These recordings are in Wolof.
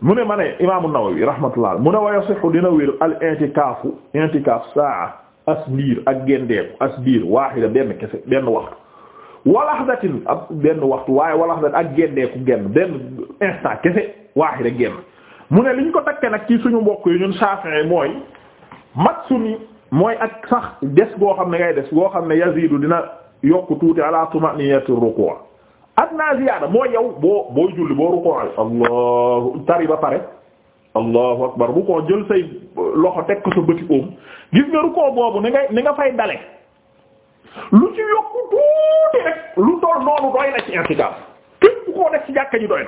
mu ne ma ne imaamu Nawawi rahmatullah mu ne wa yasihu dina wér al intikaafu intikaaf saa asbiir ak gendeeku asbiir waahida benn kese benn waxtu walaxdatin ab benn waxtu waaye walaxdat ak gendeeku genn benn instant kese waahida genn mu ne liñ ko takke nag ci suñu mbokk yi ñun Shafi'i mooy mat suñu mooy ak sax des boo xam ne ngay des boo xam ne yazidu dina yokk tuuti ala tumaniyati ruku' adna ziyaada mooy yow boo booy julli boo rukkoo allahu tari ba pare allahu akbar bu ko jël say loxo teg ko sa oom gis nga rukkoo boobu ni nga ni nga fay dale lu ci yokku tuuti rek lu toll noonu doy ci intikaaf képp bu koo ci jàkka ji doy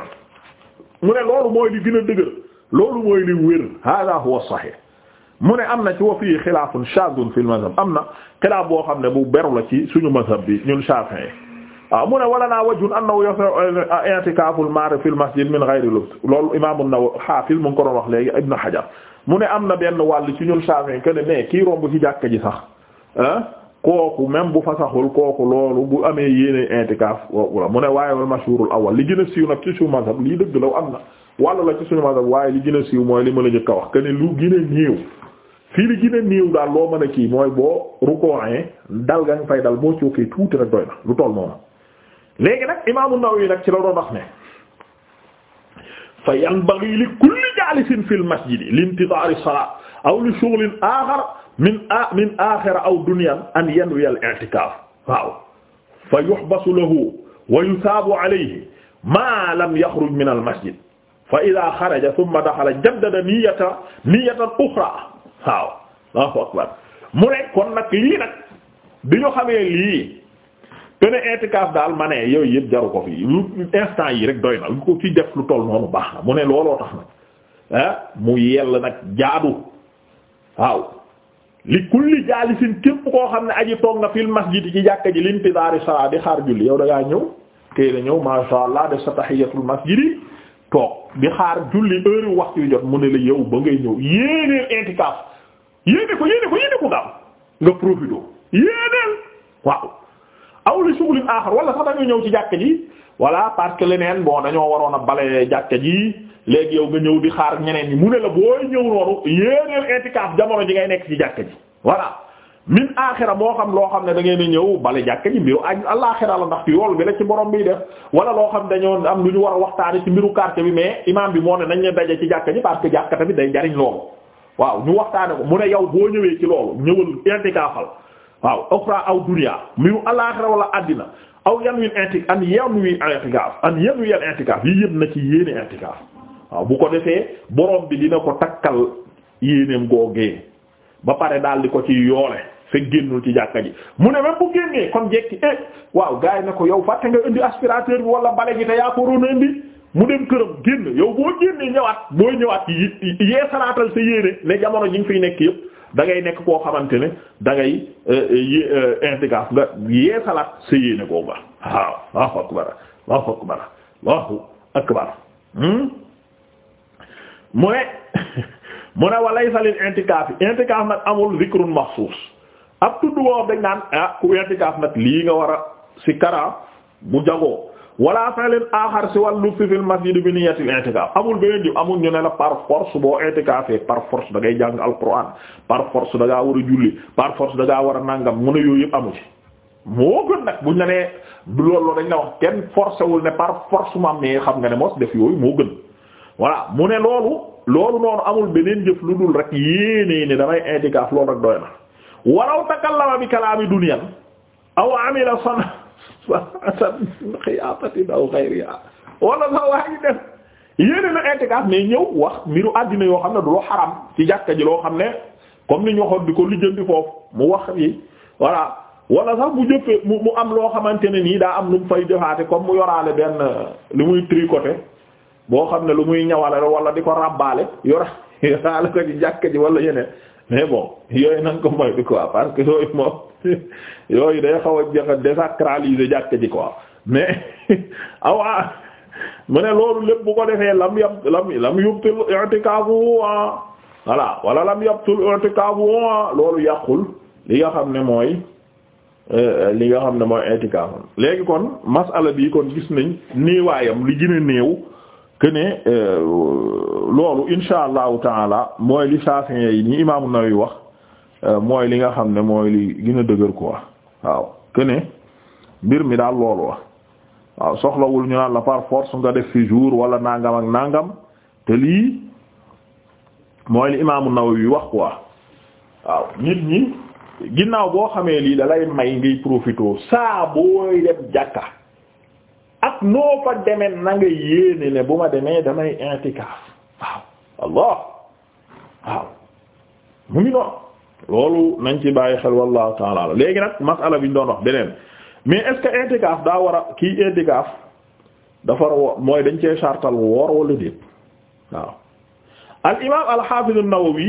mu ne loolu mooy li gën dëgër loolu mooy li wér hada huwa sahih mu ne am na ci wa fii xilaafun shadun fil am na xilaaf boo xam ne bu beru la ci suñu mazhab bi ñun Shafi'i waaw mu ne wala naa wajhun annahu eh, i'tikaaful maar fil masjid min ghayri lubs loolu imaam an-Nawawi xaafil mu ko doon wax léegi Ibn Hajar mu ne am na benn wàll ci ñun Shafi'i que ne mais kii romb ci jàkka ji sax ah kooku même bu fa kooku loolu bu amee yéene i'tikaaf wala mu ne waaye wal mashhuurul awwal li gën a siiw nag ci suñu mazhab lii dëgg la am na wàll la ci suñu mazhab waaye li gën a siiw mooy li ma la njëkk a wax que ne lu gën a néew fii li daal loo mën a kii mooy boo rukooree dal nga fay dal boo cookee tuuti rek doy na lu toll léegi nag imaamu Nawawi nag ci la doon wax ne fa yanbaghi li kulli jaalisin fil masjid li intizaari salaat aw li shughlin aaxar min a min aaxira aw dunyan an yanwiya al i'tikaaf waaw fa yuhbasu lahu wa yusaabu alayhi maa lam yaxruj min al masjid fa idaa xaraja summa daxala jaddada niyyata niyyatan uxraa waaw Allahu akbar mu ne kon nag lii nag bi ñu xamee lii. que ne i'tikaaf daal ma ne yooy yëpp jaru ko fi lu instant yi rek doy na lu ko ci def lu toll noonu baax na mu ne looloo tax nag ah mu yell nag jaadu waaw li kulli jaalisin képp koo xam ne aji toog nga fil masjid ci jàkka ji lintidaari salaa di xaar julli yow da ngaa ñëw tey la ñëw masha Allah def sa tahiyatul masjid yi toog di xaar julli heure wax yu jot mu ne la yow ba ngay ñëw yéeneel i'tikaaf yéene ko yéene ko yéene ko gaaw nga profité yéeneel waaw. aw li sugulin aaxar wala sax dañoo ñëw ci jàkka ji voilà parce que leneen bon dañoo waroon a bale jàkka ji léegi yow nga ñëw di xaar ñeneen ñi mu ne la booy ñëw noonu yéeneen itikaaf jamono ji ngay nekk ci jàkka ji voilà min aaxira moo xam loo xam ne da ngeen a ñëw bale jàkka ji mbiru añ alaaxira la ndax yool bi la ci borom bi def wala loo xam dañoo am lu ñu war a waxtaane ci mbiru quartier bi mais imam bi moo ne nañ leen daje ci jàkka ji parce que jàkka day jariñ loolu waaw ñu ko mu ne yow boo ñëwee ci loolu ñëwal itikaafal waaw uxra aw dunya mbiru alaaxira wala àddina aw yan win an yan wi i'tikaaf an yan wi i'tikaaf yi yëpp na ci yéene i'tikaaf waaw bu ko defee borom bi dina ko takkal yéeneem googee ba pare daal di ko ci yoole fekk génnul ci jàkka ji mu ne même bu génnee kon jekki eh waaw gars yi na ko yow fàtte nga indi aspirateur bi wala bale gi te yaa ko waroon a indi mu dem këram génn yow boo génnee ñëwaat booy ñëwaat yi yee salaatal sa yéene ne jamono ji nga fiy nekk yëpp da ngay nekk koo xamante ne da ngay euh, euh, euh, i'tikaf nga yee salaat sa yéene koo nga waaw Allahu akbar Allahu akbar Allahu akbar hmm? mu ne mu ne walaysa lil i'tikaf i'tikaf nag amul zikrun maxsuus ab tudd woo dañ naan ah ku i'tikaf nag lii nga war a si kara bu jagoo wala fa'lan axar si wàllu fi fil masjid bi niyyatil i'tikaf amul beneen jëf amul ñu ne la par force boo i'tikafee par force da ngay jàng alquran par force da ngaa war a julli par force da war a nangam mu ne yooyu yëpp amu ci. moo gën nag buñ la dañ la wax kenn forcé wul ne par force mu am xam nga ne mos def yooyu gën voilà mu ne loolu loolu noonu amul beneen jëf lu dul rek yéenee ne damay i'tikaf loolu rek doy na walaw takallama bi kalaami dunyan aw amila sana asan xiyaatati daw xayriha wala sa waa ngi def na intikaaf mais ñëw wax mbiru àddina yoo xam ne du loo xaram ci jàkka ji loo xam ne comme ni ñu waxoon di ko lijjanti foofu mu wax yi voilà wala sax bu jëfee mu mu am loo xamante ne nii daa am lu mu fay jëfaate comme mu yoraale benn lu muy tricoté boo xam ne lu muy ñawale wala di ko ràbbaale yor yoraale ko ci jàkka ji wala yeneen mais bon yooyu nañ ko moytu quoi parce que yooyu moom yooyu day xaw a jaxa désacraliser jàkk ji quoi mais awaa ah mu ne loolu lépp bu ko defee lam yab lam lam yubtul i'tikafu wa ah, voilà wala lam yabtul i'tikafu wa ah, loolu yàqul li nga xam ne mooy euh, li nga xam ne mooy i'tikafam léegi kon masala bi kon gis nañ néewaayam li gën a néew que ne euh, loolu insha allahu taala mooy li Shafi'i yi ñi imaamu Nawawi wax euh, mooy li nga xam ne mooy li gën a dëgër quoi waaw que mbir mi daal loolu wax waaw soxlawul ñu naan la par force nga def fu jour wala nangam ak nangam te lii mooy li imaamu Nawawi wax quoi waaw nit ñi ginnaaw boo xamee lii da may ngay profité saa booy dem jàkka. ak noo fa demee na nga yéene ne bu ma demee damay intikaaf waaw allah waaw mu ngi noonu loolu nañ ci bàyyi xel wallahu taala léegi nag masala bi daa war a kii intikaaf war mooy dañ cee sartal woor wala déet waaw al al xaafiz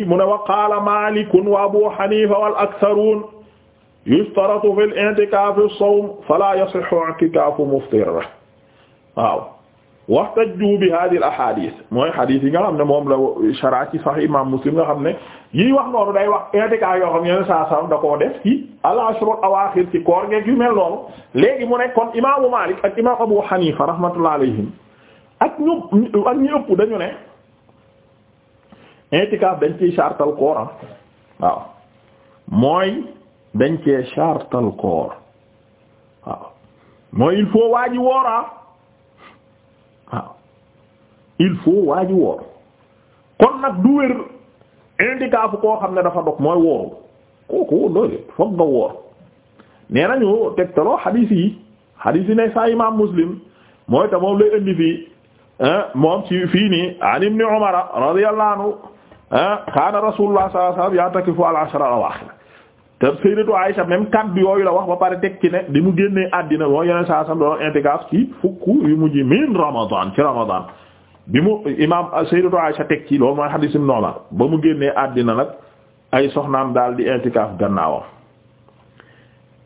mu ne wa qaala Maalik wa Abu Haniifa wal aktharuun yushtaratu fil i'tikaafi as-sawm falaa yasihhu i'tikaafu muftir waaw waxtajju bi hadi al ahadith mooy hadith yi nga xam ne moom la shara ci sahih imam muslim nga xam ne yi wax noonu day wax intika yoo xam ne saa salam da koo def ci al ashrul awaaxir ci koor ngeeg yu mel noonu léegi mu ne kon imaamu Malik ak imam Abu Hanifa rahmatullah alayhim ak ñu ak ñu ëpp dañu ne intikaaf dañ ciy chartal koor ah waaw mooy dañ cee chartal koor waaw mooy il faut waa ji woora ah, il faut waa woor kon nag du wér indikaafu koo xam ne dafa dog mooy wooru kooku doole foog nga woor nee nañu tegtaloo xadiis yi xadiis ne saa imaam muslim mooy te moom lay indi fii moom ci fii an ibni umara radiyallahu anhu kaana rasulullah sallallahu alayhi wasallam ya'takifu al-ashra al-awaakhir te sayyidatu Aisha même kaddu yooyu la wax ba pare teg ci ne di mu génnee àddina mooy yeneen saa sam intikaaf ci fukk yu mujj min ramadan ci ramadan bi mu imaam sayyidatu Aisha teg ci loolu mooy xadiis Ibn ba mu génnee àddina nag ay soxnaam daal di intikaaf gannaawam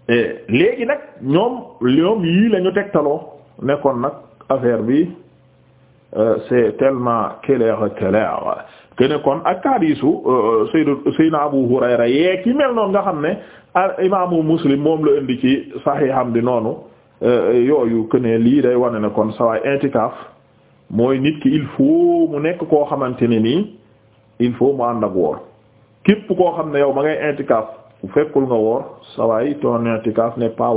eh, léegi nag ñoom ñoom yii lañu ñu tegtaloo nekkoon nag affaire bi euh, c'est tellement clair clair que kon ak hadiisu Seydou Seydina Abu Hurayra yee ki mel noonu nga xam ne imaamu Muslim moom la indi ci saxiixam di noonu euh, yooyu que ne lii day wane ne kon sawaay intikaaf mooy nit ki il faut mu nekk koo xamante ne nii il faut mu ànd ak woor képp koo xam ne yow ma ngay intikaaf bu fekkul nga woor sawaay ton intikaaf n'est pas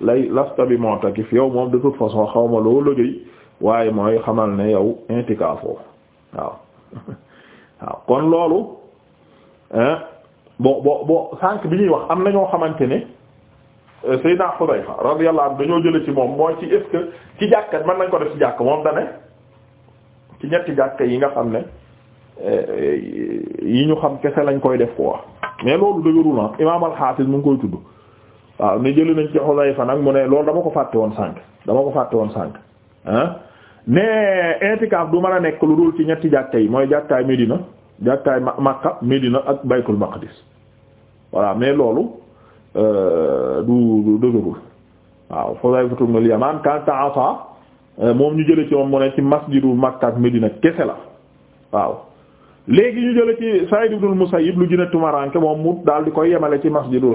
lay lasta bi mu'takif yow moom de toute façon xaw ma loo liggéey waaye mooy xamal ne yow intikaafoo waaw waaw kon loolu bo bo bo sànq bi ñuy wax am na ñoo xamante ne Euh, Seydina Xudayfa radiyallahu anhu dañoo jële ci moom mooy ci est-ce que ci jàkka man nañ ko def ci jàkk moom dane ci ñetti jàkka yi nga xam ne euh, yi ñu xam kese lañ koy def quoi mais loolu dëgërul na ah, imaam al-Hafiz mu ngi koy tudd waaw ne jëli nañ ci fa nag mu ne loolu dama ko fàtte woon sànq dama ko fàtte woon sànq ah mais intikaaf du man a nekk lu dul ci ñetti jàkka yi mooy jàkkaay Médina jàkkaay Makka Médina ak Baytul Maqdis voilà mais loolu Euh, du dëgërul waaw Hudayfatu ibn al-Yaman kanta asa euh, moom ñu jële ci moom mu ne ci masjidu Makka ak Medina kese la waaw léegi ñu jële ci Sa'id ibn al-Musayyib lu gën a tumaranke moom mu daal di koy yemale ci masjidul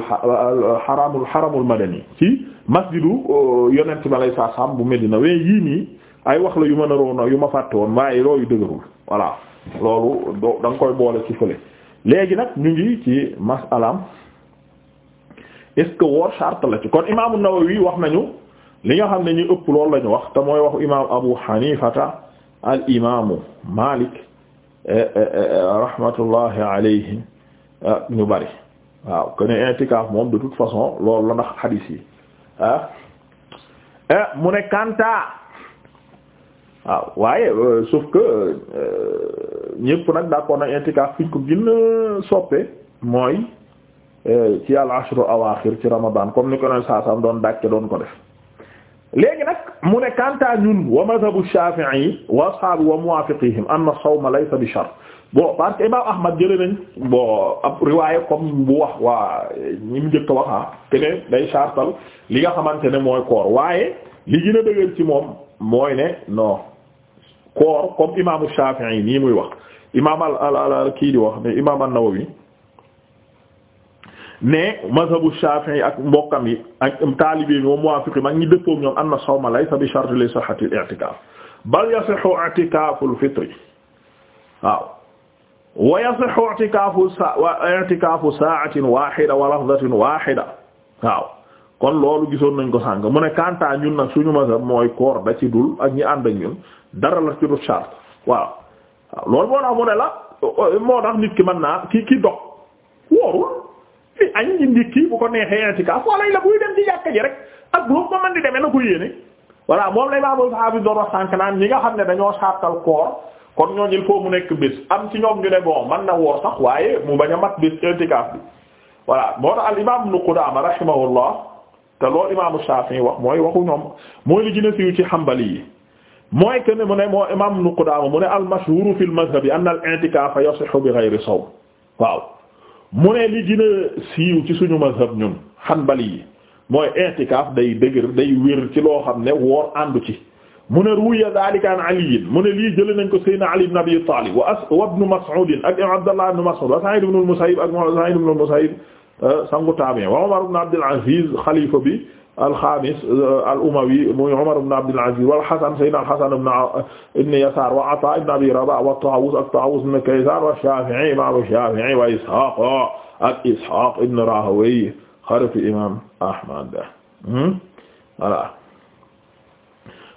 xaramul xaramul madani ci masjidu euh, yonent bi alay saa saam bu Medina wee yii nii ay wax la yu mën a naroon yu ma fàtte woon waaye looyu dëgërul voilà loolu do nga koy boole ci fële léegi nag ñu ngi ci mas'alaam est-ce que woor charte la ci kon imaamu Nawawi wax nañu li nga xam ne ñu ëpp loolu la wax te mooy waxu imaamu Abu Hanifata al imaamu Malik eh, eh, eh, rahmatullahi alayhi ñu bari waaw que ne intikaaf moom de toute façon loolu la ndax xadiis yi ah, mu ne Kanta waaw waaye euh, sauf que euh, ñépp nag d'accord na intikaaf fi ñu ko gën a mooy. Eh, ci al ashru awaaxir ci ramadan comme ni ko ne saa saam doon dàkke doon ko def léegi nag mu ne kanta ñun wa madhabu shafi'i wa ashaabi wa muwaafiqihim anna sawma laysa bi shart bon parce que imam ahmad jële nañ bon ab riwaaye comme bu wax waa ñi mu njëkk a waxa ah, day chartal li nga xamante ne mooy koor waaye li gën a dëgër ci moom mooy ne non koor comme imaamu shafi'i nii muy wax imam al al al kii di wax ne imam nawawi ne mazhabu Shafi'i ak mbokkam yi ak taalibe yi moom muwaafiqi mag ñi dëppoo ñoom anna sawma laysa bi shart li sihhati al-i'tikaf bal yasihu i'tikafu al-fitr waaw wa yasihu i'tikafu i'tikafu sa'atin wahida wa lahdatin wahida waaw kon loolu gisoon nañ ko sàng mu ne kanta ñun nag suñu mazhab mooy koor da ci dul ak ñi ànd ak ñun dara la ci du shart waaw loolu moo tax mu ne la moo tax nit ki mën naa ki ki dog wóorul di añ di ndikki bu ko neexee i'tikaaf walla la buy dem ci jàkka ji rek ak bu ko di demee na ko yéene voilà moom lay baabul sahabi doon wax sànk naan ñi nga xam ne dañoo sàttal koor kon ñooñu il mu nekk bés am ci ñoom ñu ne bon man na woor sax waaye mu bañ a mat bés i'tikaaf bi voilà moo tax al imam ibn Qudaama te loolu imaamu Shaafi'i wax mooy waxu ñoom mooy li gën a siiw ci Hanbali yi mooy que ne mu ne moo imam ibn mu ne al mashhuur fil mu ne li gën siiw ci suñu mazhab ñun xanbali yi mooy i'tikaaf day dëgër day wér ci loo xam ne woor àndu ci mu ne ruya daalika an aliyin mu ne lii jëlee nañ ko Seydina Ali ibn Abi Talib wa as wa ibn Mas'ud ak Abdallah ibn Mas'ud wa Sa'id ibn al-Musayyib ak Sa'id ibn al-Musayyib sangu tabi'in wa Umar ibn Abdul Aziz xalifa bi alxamis euh, al umawi muy Umar ibn Abdul Aziz wal Hasan sayyidina al Hasan ibn Yasaar wa Ataa ibn Abi Rabaah wa Taawus ak Taawus ibn Kaysaan wa Shaafi'i imaam Shaafi'i wa Ishaaq ak Ishaaq ibn Rahawayh xaritu imaam Ahmad hmm? voilà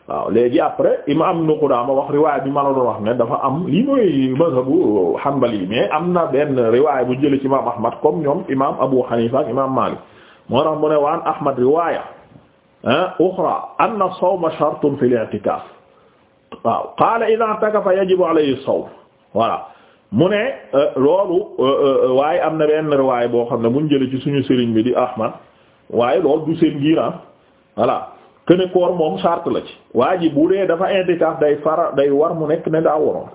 waaw léegi après imaam Ibn Qudaama wax riwaay bi ma la doon wax ne dafa am lii mooy mazhabu Hanbali mais am na benn riwaay bu jëlee ci imaam Ahmad comme ñoom imaam Abu Hanifa ak imaam Maalik moo tax mu ne waan ahmad riwaya uxra anna sawma shartun fi al-i'tikaf waaw qaala taka i'takafa yajibu alayhi as-sawm voilà mu ne euh, loolu euh, euh, waaye am na benn riwaay boo xam ne buñ jële ci suñu sëriñ bi di ahmad waaye lool du seen giiraan ah. voilà kene koor moom charte la ci waa ji bu dee dafa i'tikaaf day fara day war mu nekk ne daa waroon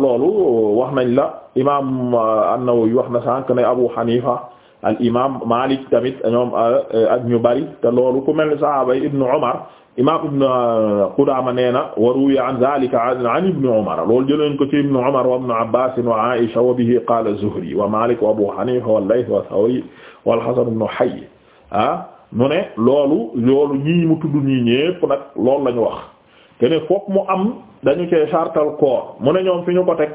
loolu wax nañ la imam an-Nawawi wax na sànq ne Abu Hanifa al imam Malik tamit ñoom euh, ak ñu bari te loolu ku mel ni sahaaba yi ibnu Umar imam ibnu euh, Qudaama nee na wa ruwiya an zalika an ibnu Umar loolu ko ci ibnu Umar wa ibnu Abbaas wa Aisha wa bihi qaala wa Malik Abu Hanifa wal Layth wa Thawri wal Hasan ibnu Hayy ah, mu ne loolu loolu ñii mu tudd ñii ñépp nag loolu la wax kene fokk mu am dañu cee sartal koor mu ne ñoom fi ñu ko teg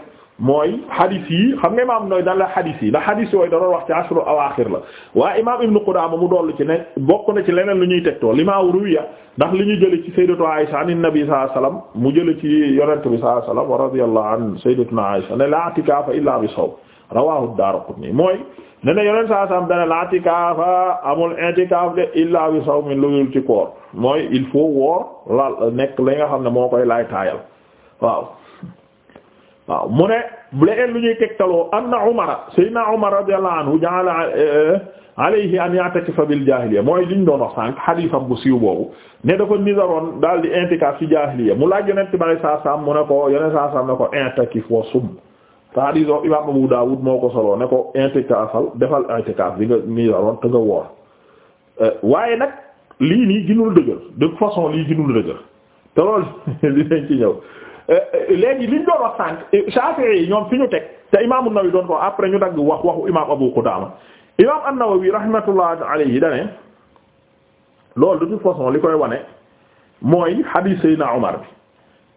mooy hadith yi xam nga imaam nooy dan la hadith yi la hadith yooyu da doon wax ci ashru awaaxir la waaye imaam Ibn Qudaama mu dolli ci ne bokk na ci leneen lu ñuy tegtoo li maa ruwiya ndax li ñu jële ci sayyidatu Aisha an nabi sallallahu alayhi wasallam mu jële ci yonent bi sallallahu alayhi wasallam wa radiyallahu an sayyidatuna Aisha ne la i'tikaafa illaa bi sawm rawaahu Daaraqutni mooy ne ne yonent sallallahu alayhi wasallam dane la i'tikaafa amul i'tikaaf de illaa bi sawm lu dul ci koor mooy il faut woor la nekk li nga xam ne moo koy laay taayal waaw mu ne leneen lu ñuy tegtaloo anna Umar sayyidina Umar radiyallahu anhu ja'ala eh, alayhi an ya'takifa bil jaahiliya mooy liñ doon wax sànq xadiisam bu siiw boobu ne dafa nizaroon daal di intikaaf ci jaahiliya mu laaj yonent bi alayhi salaam mu ne ko yonent salaam ne ko intakif wa sum te xadiis o imaam Abu moo ko soloo ne ko intikaafal defal intikaaf bi nga nizaroon te nga woor eh, waaye nag lii nii ginul dëgër de façon lii ginul dëgër te loolu dinañ ci ñëw Euh, léegi li doon wax sànq euh, Shafi'i yi ñoom fi ñu teg te imaam An-Nawawi doon ko après ñu dagg wax waxu imaam Abu Qudama imaam An-Nawawi rahmatullah alayhi dane loolu de toute façon li koy wane mooy hadith Seydina Omar bi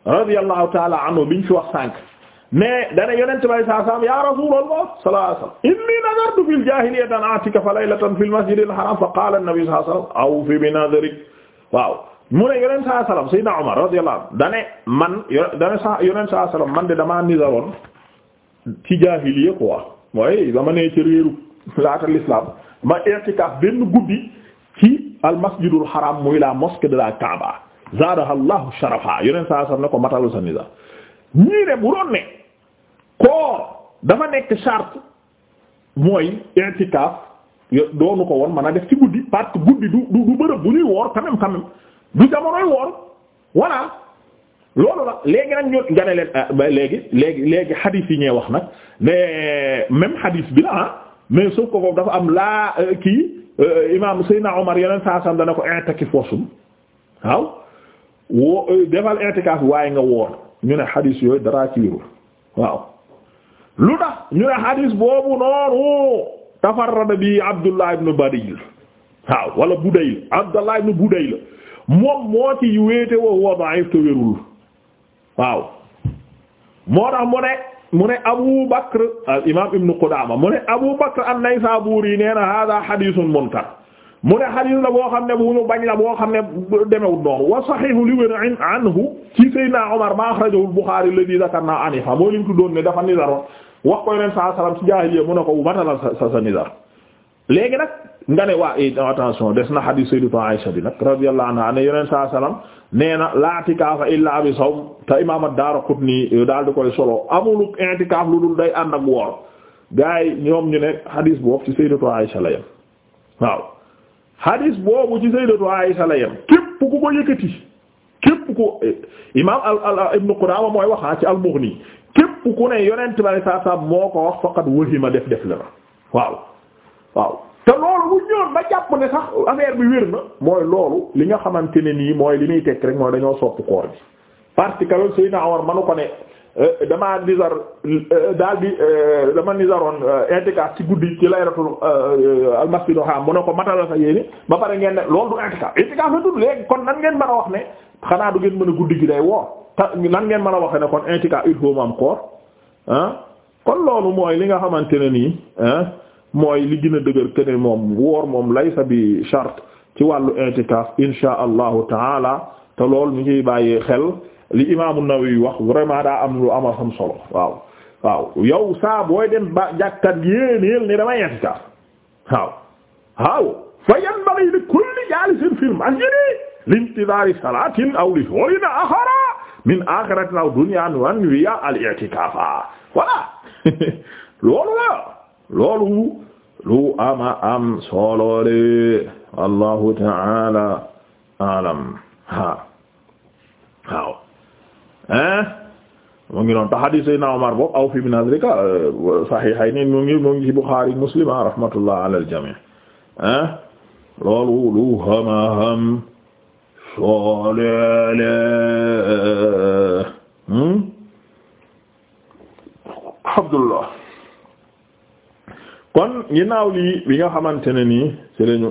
radiyallahu ta'ala anhu biñ fi wax sànq mais dane yonente bi saa salam ya rasulullah sallallahu alayhi wasallam inni nadartu fil jahiliyyati an a'tika fa laylatan fil masjidil haram fa qala an-nabi sallallahu alayhi awfi bi nadrik waaw mu ne yonent saa salaam Seydina Omar radiyallahu anhu dane man dane saa salaam man de damaa nizaroon ci jaahiliya quoi mooy dama ne ci réeru laata l'islam ma i'tikaaf benn guddi ci al haram muy la mosquée de la Kaaba zaadaha Allahu sharafa yonent saa salaam ne ko matalul sa nizar ñii bu doon ne koor dafa nekk charte mooy i'tikaaf doonu ko woon mën a def ci guddi parce guddi du du bërëb bu ñuy woor quand même du jamonoy woor voilà loolu la léegi nag ñun nga ne leen ah, léegi léegi léegi xadiis yi ñee wax nag mais même xadiis bi la ah, mais suuf ko foofu dafa am laa euh, kii euh, imaam Seydina Omar yeneen saa sam dana ko i'takif wasum waaw woo euh, defal i'tikaaf waaye nga woor ñu ne xadiis yooyu daraa ci waaw lu tax ñu ne xadiis boobu noonu tafarrada bi Abdullah ibn Budayl waaw wala Budayl Abdullah ibn Budayl moom moo ci wéete woo wa da'if te wérul waaw moo tax mu ne mu ne Abu Bakr al imaam Ibn Qudaama mu ne Abu Bakr an-Naysaburi nee na hada hadithun munkar mu ne hadith la boo xam ne bu ñu bañ la boo xam ne demewul noonu wa sahihu li wér anhu ci Seydina Omar ma akhrajahu al-Bukhari alladhi dhakarna anifa moo lim tuddoon ne dafa nizaroon wax ko Yonent saa salaam ci jaahiliya mu ne ko matalal sa sa nizar léegi nag. nga ne waa eh attention des na hadith sayyidatu Aisha bi nag radiyallahu anha ne yonent saa salaam nee na la i'tikaafa illaa bi sawm te imaam ad-Daaraqutni eh, daal di koy solo amul i'tikaaf lu dul day ànd ak woor gars ñoom ñu ne hadith boobu ci sayyidatu Aisha la yem waaw hadith boobu ci sayyidatu Aisha la yem képp ku ko yëkkati képp ku eh, imaam al al Ibn Qudaama mooy waxaa ah, ci al képp ku ne yonent bi saa saa moo ko wax faqad wahima def def la waaw te loolu bu ñëwoon ba jàpp ne sax affaire bi wér na mooy loolu li nga xamante ne nii mooy li muy teg rek mooy dañoo sopp koor bi parce que loolu Seydina Omar manu ko ne euh, damaa nisar euh, daal di euh, dama nisaroon intikaaf ci guddi ci laylatul almasjidu haram mu ne ko matalal sa yéene ba pare ngeen ne loolu du intikaaf intikaaf la tudd léegi kon nan ngeen mën a wax ne xanaa du ngeen mën a guddi gi day woo nan ngeen mën a waxee ne kon intikaaf il faut mu am koor ah kon loolu li nga xamante ne nii ah. mooy li gën a dëgër kene moom woor moom laysa bi charte ci wàllu i'tikaaf insha allahu taala te lool ñu ciy bàyyee xel li imaamu Nawawi wax vraiment daa am lu ama xam solo waaw waaw yow saa booy dem ba jàkkat yéeneel ne damay i'tikaaf waaw waaw fa yanbaghi li kulli jaalisin fil masjidi lintidaari salaatin aw li shughulin akhara min akhiratin aw dunyan wan al i'tikaaf voilà loolu la loolu lu ama am soloole wallahu taala alam ha waaw hein mu ngi noon ta hadis sayna Umar boobu aw fi bi nazrika euh, sahihayn mu ngi mu ngi ci Bukhari Muslim ah, rahmatullah ala al jami' hein loolu lu hama ham soloole hmm Abdullah kon ginnaaw lii bi nga xamante ne nii ci lañu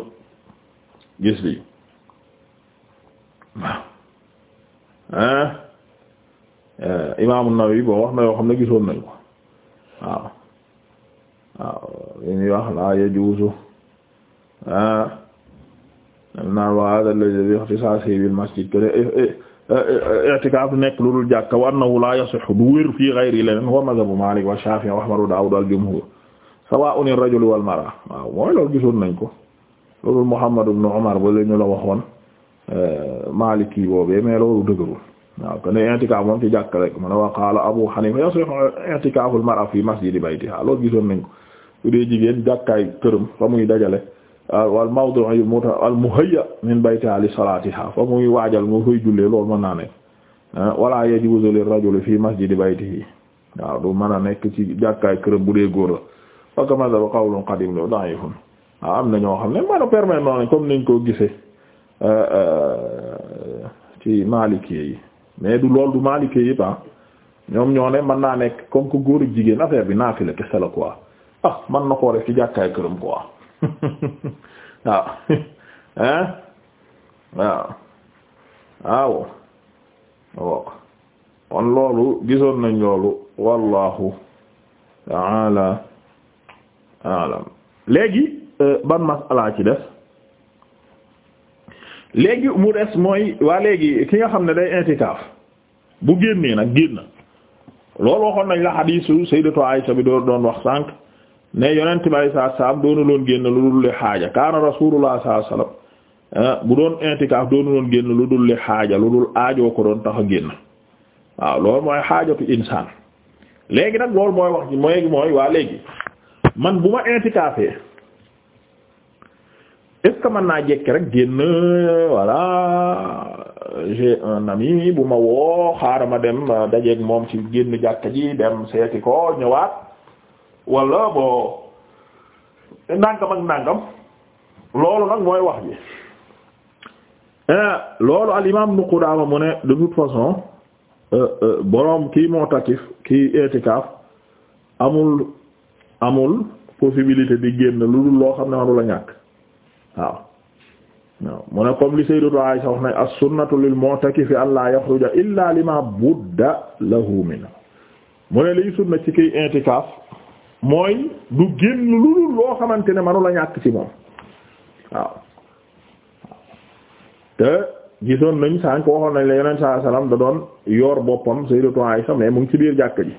gis lii waaw ah eh, Imaam An-Nawawi boo wax na yoo xam ne gisoon nañu ko waaw waaw li ñuy wax la yajuuzu ah naa wa hada alladhi ikhtisasi bil masjid kene eh, eh, i'tikaaf nekk lu dul jàkka wa annahu la yasihhu du wér fii ghayri leneen wa madhabu Maalik wa Shaafi'i wa Ahmad wa Daawud al-jumhuur sawaa'un ar-rajulu wal mar'a waaw mooy loolu gisoon nañ ko loolu Muhammad ibn Umar ba la ñu la waxoon euh, Maliki boobee mais loolu dëgërul waaw kon i'tikaaf moom ci jàkk rek mu a wa qaala Abu Hanifa yasihu i'tikaaful mar'a fi masjidi baytiha loolu gisoon nañ ko su dee jigéen jàkkaay këram fa muy dajale euh, wal mawdu'u yu muta al muhayya min baytiha li salaatiha fa muy waajal mu koy jullee loolu mën naa ne euh, wala yajuuzu lir rajuli fi masjidi baytihi waaw du mën a nekk ci jàkkaay këram bu dee góor parce que mazhab qawlun qadim la da'ifun waaw ah, am na ñoo xam ne mano permettre noonu comme niñ ko gisee euh, euh, ci Maliki yi mais du lool du Maliki yi ñoom ñoo ne mën naa nekk comme que góor ak jigéen affaire bi naafila kese la ah man na koo def ci jàkkaay këram quoi waaw ah. hein waaw waaw wok kon loolu gisoon nañ loolu wallahu ta'ala alam léegi euh, ban masala ci def léegi mu des mooy waa léegi ki nga xam ne day intikaaf bu génnee nag génn loolu waxoon nañ la xadiisu sayyidatu Aysa bi doo doon wax sànq ne yonent bi alayhi salaatu salaam doonu loon génn lu dul li xaaja kaana rasuulullaah sallallaahu ah, bu doon intikaaf doonu loon génn lu dul li xaaja lu dul aajoo ko doon tax a génn waaw loolu mooy xaajatu insaan léegi nag loolu mooy wax mooy mooy waa léegi man bu ma intikaafee est man naa jekki rek génn voilà j'ai un ami bu ma woo xaaral ma dem euh, dajeeg moom ci génn jàkka ji dem seeti ko ñëwaat wala boo nàngam ak nàngam loolu nag mooy wax bi euh, loolu al imam nu mu ne de toute façon euh, boroom kii moo takif kii itikaaf amul amul possibilité di génn lu dul loo xam ne manu la ñàkk waaw waaw mu ne comme li sayyidatu Aisha wax na as-sunnatu lil mu'takifi an la yaxruja illa lima budda lahu min mu ne liy sunna ci kiy intikaaf mooy du génn lu dul loo xamante ne manu la ñàkk ci moom waaw te gisoon nañ sànq waxoon nañ la yeneen saa salaam da doon yor boppam sayyidatu Aisha mais mu ngi ci biir jàkk ji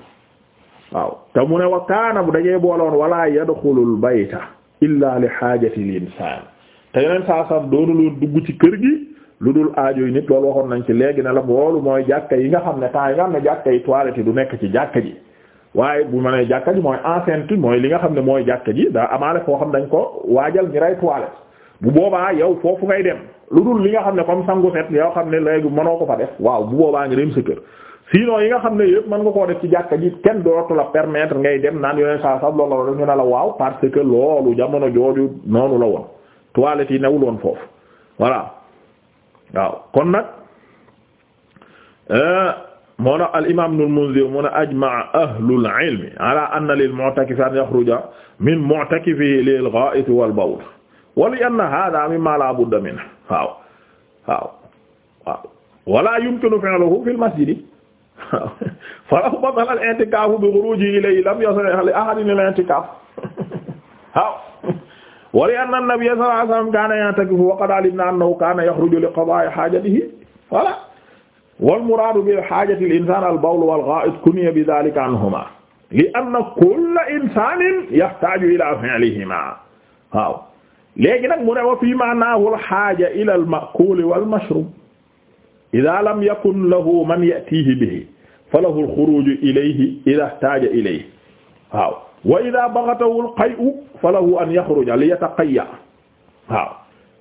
waaw te mu ne wa kaana bu dajee booloon wala yadxulul bayta illa li xaajatil insaan te yeneen saa saam doonuloon dugg ci kër gi lu dul aajo yi nit loolu waxoon nañ ci léegi ne la boolu mooy jàkka yi nga xam ne temps yi nga xam ne jàkka yi nekk ci jàkka ji waaye bu ma nee jàkka mooy enceinte mooy li nga xam ne mooy jàkka ji daa amaale foo xam dañ ko waajal ñi ray toilette bu boobaa yow foofu ngay dem lu dul li nga xam ne comme sangu set yoo xam ne léegi mënoo ko fa def waaw bu boobaa nga dem sa kër sinon yi nga xam ne yëpp man nga koo def ci jàkka ji kenn dootu la permettre ngay dem naan yoneen saa sab loolu la def ñu ne la waaw parce que loolu jamono jooju noonu la woon toilettes yi newul woon foofu voilà waaw kon nag euh, moo tax al imam Ibnul Munzir mu ne ajmaa ahlul ilmi ala anna lil mu'takifi an yakhruja min mu'takifihi lil gha'it wal bawl wa li anna hadha mimma la budda minhu waaw waaw waaw wala yumkinu fi'luhu fil masjid falaw batala al i'tikaafu bi xuruuji ilayhi lam yasih li ahadin al i'tikaaf waaw wa li anna an-nabiyya sallallahu alayhi wa sallam kaana ya'takifu wa qad alimna annahu kaana yaxruju li qadaa'i haajatihi voilà wal muraadu bi haajati al insaan al bawl wal ghaa'it kuniya bi dhaalika anhumaa li anna kulla insaanin yaxtaaju ilaa fi'lihimaa waaw léegi nag mu ne wa fii ma'naahu al haaja ila al ma'kuuli wal mashruub idaa lam yakun lahu man ya'tiihi bihi falahu alxuruju ilayhi ida ihtaja ilayhi waaw wa ida baxatahu alqayu falahu an yaxruja li yataqayya waaw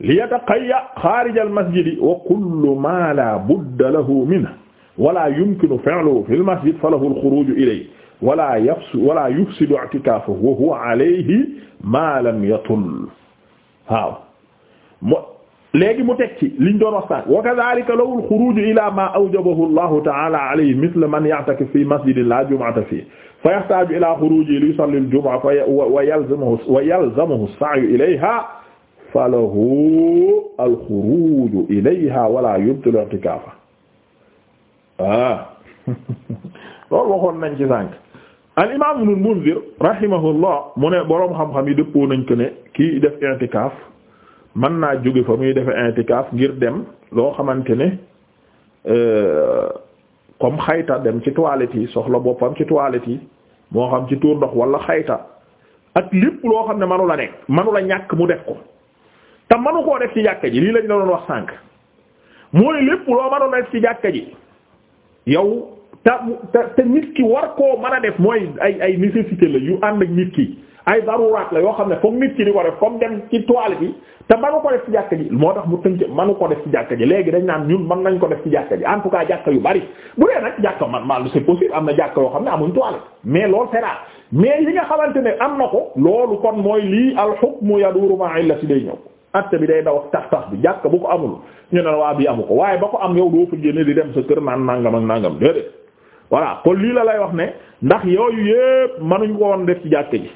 li yataqayya xaarija almasjidi wa kullu ma la budda lahu minhu wala yumkinu fi'luhu fi almasjid falahu alxuruju ilayhi wala yafsu wala yufsidu i'tikaafahu wa huwa alayhi ma lam yatul waaw léegi mu teg ci liñ doon waxtaan wa kadhalika law al khuruj ila ma awjabahu Allahu ta'ala alayhi mithla man ya'takif fi masjidin la jum'ata fihi fa yahtaju ila khuruji li yusalli al jum'a wa yalzamuhu wa yalzamuhu as-sa'yu ilayha falahu al khuruj ilayha wala yubtilu i'tikafa ah loolu waxoon nañ ci sànq al imam ibn al munzir rahimahullah mu ne boroom xam-xam yi dëppoo nañ ko ne kii def i'tikaf mën naa jóge fa muy defe intikaaf ngir dem loo xamante ne euh, comme xayta dem ci toilette yi soxla boppam ci toilette yi moo xam ci tuur ndox wala xayta ak lépp loo xam ne manu la nekk manu la ñàkk mu def ko te manu koo def ci jàkka ji lii lañ la doon wax sànq mooy lépp loo manu la def ci jàkka ji yow te te nit ki war koo mën a def mooy ay ay nécessité la yu ànd ak nit ki ay daruraat la yoo xam ne foog nit ki di ko def comme dem ci toile bi te manu ko def ci jàkka ji moo tax mu tënk manu ko def ci jàkka ji léegi dañ naan ñun mën nañ ko def ci jàkka ji en tout cas jàkka yu bari bu dee nag jàkka man man c'est possible am na jàkka yoo xam ne amuñ toile mais loolu c'est mais yi nga xamante ne am na ko loolu kon mooy lii al hukmu yaduru ma'a illati day ñëw atte bi day daw ak tax tax bi jàkka bu amul ñu ne la waa bii amu ko waaye ba ko am yow doo fa génne di dem sa kër naan nangam ak nangam déedéet voilà kon lii la lay wax ne ndax yooyu yépp mënuñ ko woon def ci jàkka ji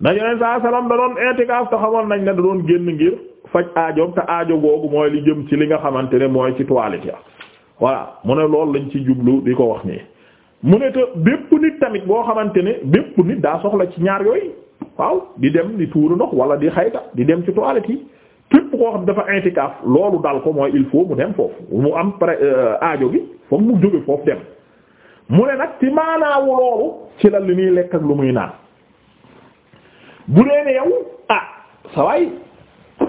ndax yeneen saa salaam da doon intikaaf te xamoon nañ ne da doon génn ngir faj aajoom te aajo googu mooy li jëm ci li nga xamante ne mooy ci toilette ya waaw mu ne loolu lañ ci jublu di ko wax nii mu ne te bépp nit tamit boo xamante ne bépp nit daa soxla ci ñaar yooyu waaw di dem di tuuru ndox wala di xayta di dem ci toilette yi képp koo xam dafa intikaaf loolu dal ko mooy il faut mu dem foofu mu am pré euh, aajo gi foog mu jóge foofu dem mu ne nag ci maanaawu loolu ci li muy lekk ak lu bu dee ne yow ah sawaay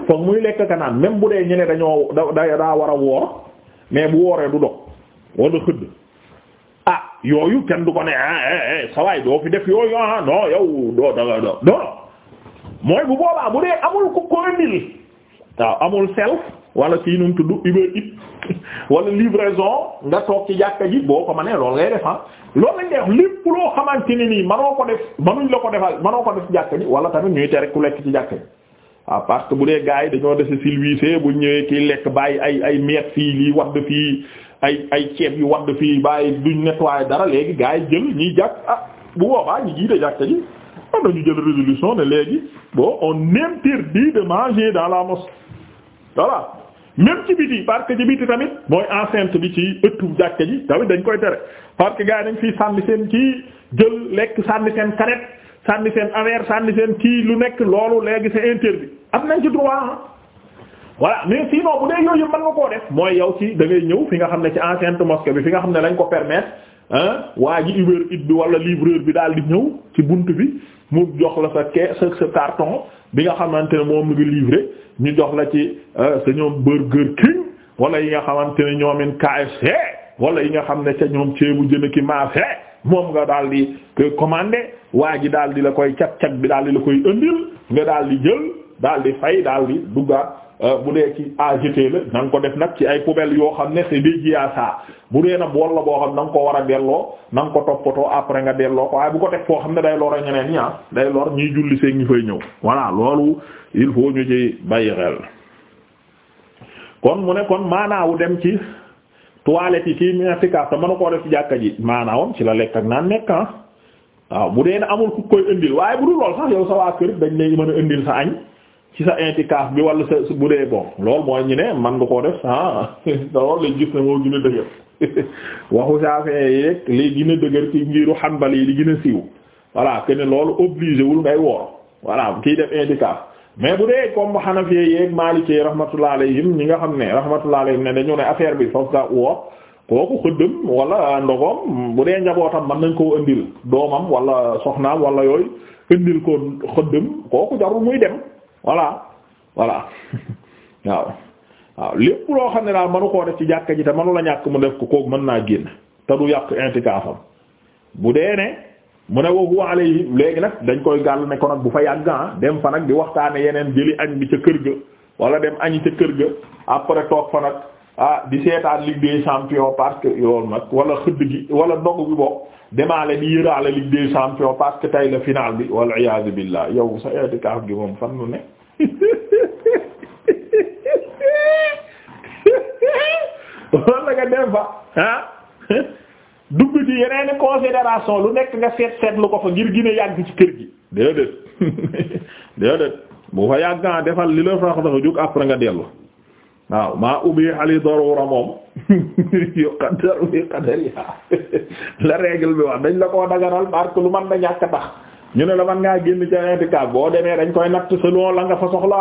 foog muy lekk ka naan bu dee ñene dañoo da daa war a woor mais bu wooree du dog wala xëdd ah yooyu kenn du ko ne ah eh, eh, sawaay doo fi def yooyu ah non yow doo doo doo mooy bu boobaa bu dee amul ku ko indil waaw amul self wala kii nu mu tudd Uber Eats wala livraison nga toog ci jàkka ji boo ko ma mënee loolu ngay def ah loolu lañ lay wax lépp loo xamante ne nii manoo ko def manuñ la ko defal manoo ko def jàkka ji wala tamit ñuy tere ku lekk ci jàkka ji waaw ah, parce que bu dee gars yi dañoo dese silvissé bu ñëwee kii lekk bàyyi ay ay meet fii lii wadd fii ay ay ceeb yu wadd fii bàyyi duñ nettoyer dara léegi gars yi jël ñuy jàkk ah bu boobaa ñu jiite jàkka ji am nañu jël résolution ne léegi boo on interdit de manger dans la mosquée même ci biti parce que ci biti tamit mooy enceinte bi ci ëttu jàkka ji tamit dañ koy tere parce que gars yi dañ fii sànni seen kii jël lekk sànni seen canette sànni seen aver sànni seen kii lu nekk loolu léegi c'est interdit am nañ ci droit voilà mais sinon bu dee yooyu mën nga koo def mooy yow ci da ngay ñëw fi nga xam ne ci enceinte mosquée bi fi nga xam ne lañ ko permettre ah waa ji Uber it bi wala livreur bi daal di ñëw ci bunt bi mu jox la sa ke sa carton bi nga xamante ne moom ngi livré ñu jox la ci euh, sa ñoom Burger King wala yi nga xamante ne ñoomin KFC wala yi nga xam ne ca ñoom ceebu jën ki maafe moom nga daal di koy commandé waa ji daal di la koy cag bi daal di la koy ëndil nga daal di jël daal di fay daal di duggaat Euh, bu dee ci agité la na nga ko def nag ci ay poubelle yoo xam ne c'est des jiyaasa bu dee nag bool la boo xam na nga ko war a delloo na ko toppatoo après nga delloo ko waaye bu ko teg foo xam ne day lor a ñeneen ñi ah day lor ñiy julli seeg ñi fay ñëw voilà loolu il faut ñu ci bàyyi xel kon mu ne kon maanaawu dem ci toilette yi kii mi'tikaf te mënu koo def ci jàkka ji maanaawam ci la lekk ak naan nekk ah. waaw bu dee na amul ku koy indil waaye bu dul lool sax yow sa waa kër dañ lay mën a indil sa añ ci sa intikaaf bi wala sa bu dee bon loolu moo ñu ne man nga koo def ah loolu lañ gis ne moo gën a dëgër waxu saafee yeeg li gën dëgër ci ngiru xanbal yi li gën a siiw voilà que loolu obligé wul ngay woor voilà kiy def intikaaf mais bu dee comme Hanafi yeeg Maliki rahmatullah alayhim ñi nga xam ne rahmatullah alayhim ne dañu ne affaire bi foog nga woor kooku xëddëm wala ndogoom bu dee njabootam man nañ koo indil doomam wala soxnaam wala yooyu indil ko xëddëm kooku muy dem. voilà voilà waaw waaw lépp loo xam ne daal manu koo def ci jàkka ji te manu la ñàkk mu def ko kooku mën naa génn te du yàq intikaafam bu dee ne mu ne woowu waale yi léegi nag dañ koy gàll ne ko nag bu fa yàgg ah, dem fa nag di waxtaane yeneen jëli añ bi ca kër ga wala dem añ ca kër ga après toog fa nag. ah di seetaan Ligue des champions parce nag wala xëdd gi wala ndog bi bopp demaale di yëraale Ligue des champions parce que tey la finale bi wal iyaazu billah yow sa i'tikaaf gi moom fan nu ne wala nga dem fa ah dugg ci yeneen considération lu nekk nga seet seet lu ko fa ngir gën yàgg ci kër gi déedéet déedéet bu fa yàgg defal li la fa tax a jóg après nga dellu waaw maa ubiha li darura moom yu qaddaru bi qadariha la règle bi wax dañ la koo daganal parce lu man na ñàkk tax ñu ne la man ngaa génn ca intikaf boo demee dañ koy natt la nga fa soxla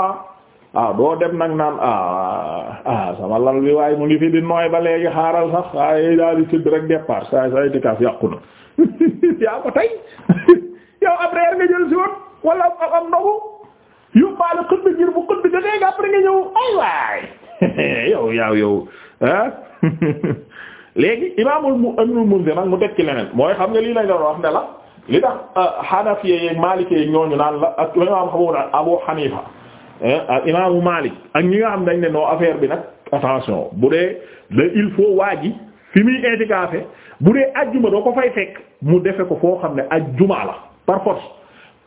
waaw ah, doo dem nag naan ah, ah, waaye mu ngi fi di nooy ba léegi yàqu na yaa ko tey yow ab reer nga jël si woon wala am ndogu yóbbaale xëdd ngir bu xëdd da dégg après nga ñëw ay waay yow yaaw yow ah léegi imaamul mu amul munzir nag mu teg ci leneen mooy xam nga lii lañ doon wax ne la li tax xanafiye ah, yeeg malike yeeg ñooñu naan la ak imaam xamu naan abu xanifa eh, ak imaamu malik ak ñi nga xam dañ ne noo affaire bi nag attention bu dee la il faut waa ji fi muy intikaafe bu dee ajjuma doo ko fay fekk mu defe ko foo xam ne ajjuma la par force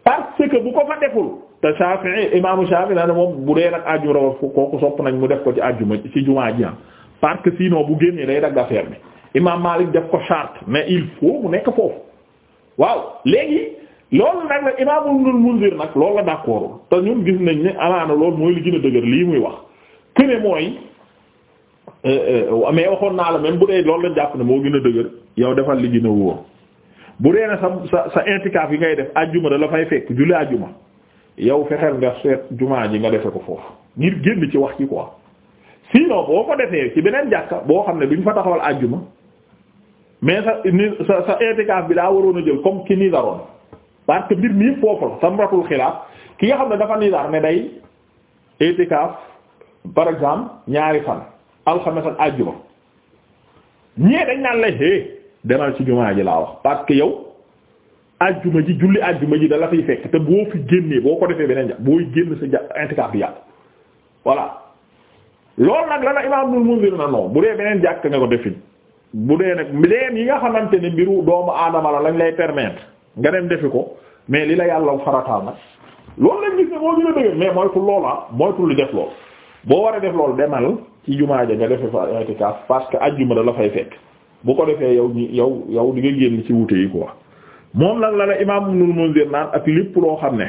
parce que bu ko fa deful te Shafi'i imaamu Shafi'i na moom bu dee nag àjjuma kooku nañ mu def ko ci àjjuma ci jumaa ji ah. parce que sinon bu génnee day dagg affaire bi imaam Malik def ko charte mais nekk foofu léegi loolu nag la imaam Ibnul Munzir nag nañ ne amaana loolu mooy lii muy wax euh, euh, mais waxoon naa la même bu dee loolu la jàpp ne moo gën a dëgër yow defal li gën bu dee sa sa sa intikaaf yi ngay def àjjuma da la fay fekk julli àjjuma. yow fexeel nga seet jumaa ji nga defe ko foofu ngir génn ci wax ci quoi sinon boo ko defee ci beneen jàkka boo xam ne duñ fa taxawal àjjuma mais sa sa sa itikaaf bi daa waroon a jël comme ki nizaroon parce que mbir mi foofu la samratul xilaaf ki nga xam ne dafa nizar ne day itikaaf par exemple ñaari fan alxames ak àjjuma ñee dañ naan la hé demal ci jumaa ji laa wax parce que yow ajjuma ji julli ajjuma ji da la fay fekk te boo fi génnee boo ko defee beneen ja booy génn sa ja intikaaf bi nag la bu dee beneen jàkk nga ko defin bu nag leen yi nga xamante ne mbiru doomu aadama la lañ lay permettre nga dem defi ko mais li la yàlla farataal nag loolu lañ gis ne ah, lu def lool boo war a def lool demal ci ja nga defe fa que ajjuma da la fay fekk bu ko defee yow yow yow di nga génn ci wuute yi quoi. moom nag la la imaam Ibnul Munzir naan ak lépp loo xam ne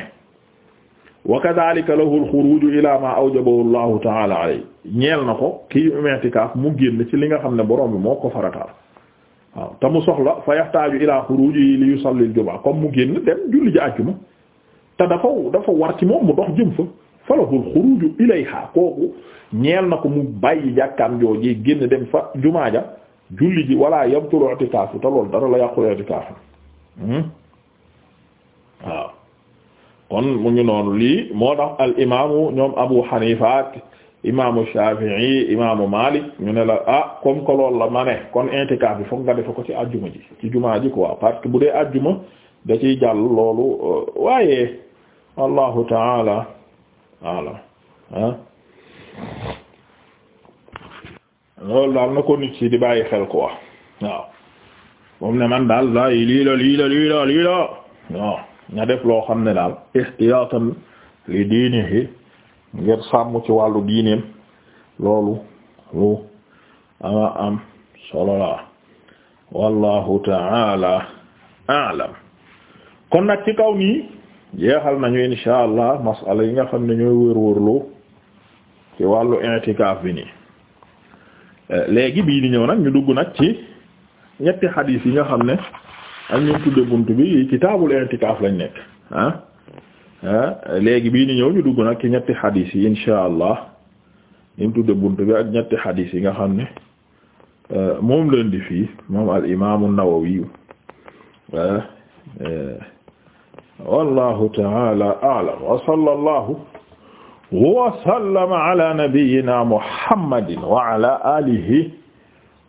wa kadhalika lahu al-khuruj ila ma awjabahu Allahu ta'ala alayhi ñeel na ko kii i'tikaaf mu génn ci li nga xam ne borom bi moo ko farataal waaw te mu soxla fa yaxtaaju ila xuruji li yusalli al-jumu'a comme mu génn dem julli ji àjjuma te dafa dafa war ci moom mu dox jëm fa falahul xuruju ilayha kooku ñeel na ko mu bàyyi jàkkaam jooji génn dem fa jumaa ja julli ji wala yabtul i'tikaafu te Hmm? waaw kon mu ngi noonu lii moo tax al imaamu ñoom Abu Hanifa imaamu Shafi'i imaamu Malik ñu ne la a ah, comme que loolu la ma kon intikaaf bi fokk nga defe ko ci ajjuma ji ci jumaa ji parce que bu dee ajjuma da ciy jàll loolu euh, waaye wallahu taala alam ah loolu daal na ko ci di bàyyi xel quoi waaw moom ne man daal laa lii la lii la def loo xam ne daal ihtiyatan li diinihi ngir sàmm ci wàllu diineem loolu lu ama am solo la wallahu ta'ala a'lam kon nag ci kaw nii jeexal nañu insha allah masala yi nga xam ne ñooy wër wërlu ci wàllu i'tikaf bi nii eh, léegi bii di ñëw nag ñu dugg nag ci ñetti xadiis yi nga xam ne ak ñu tudde bunt bi kitaabul intikaaf lañ nekk ah ah léegi bii ni ñëw ñu dugg nag ñetti xadiis yi insha allah ñu tudde bunt bi ak ñetti xadiis yi nga xam ne euh, moom leen di fii moom al imaamu nawawi ah, eh, wallahu taala a'lam wa sallallahu wa sallama ala nabiyyina muhammadin wa alihi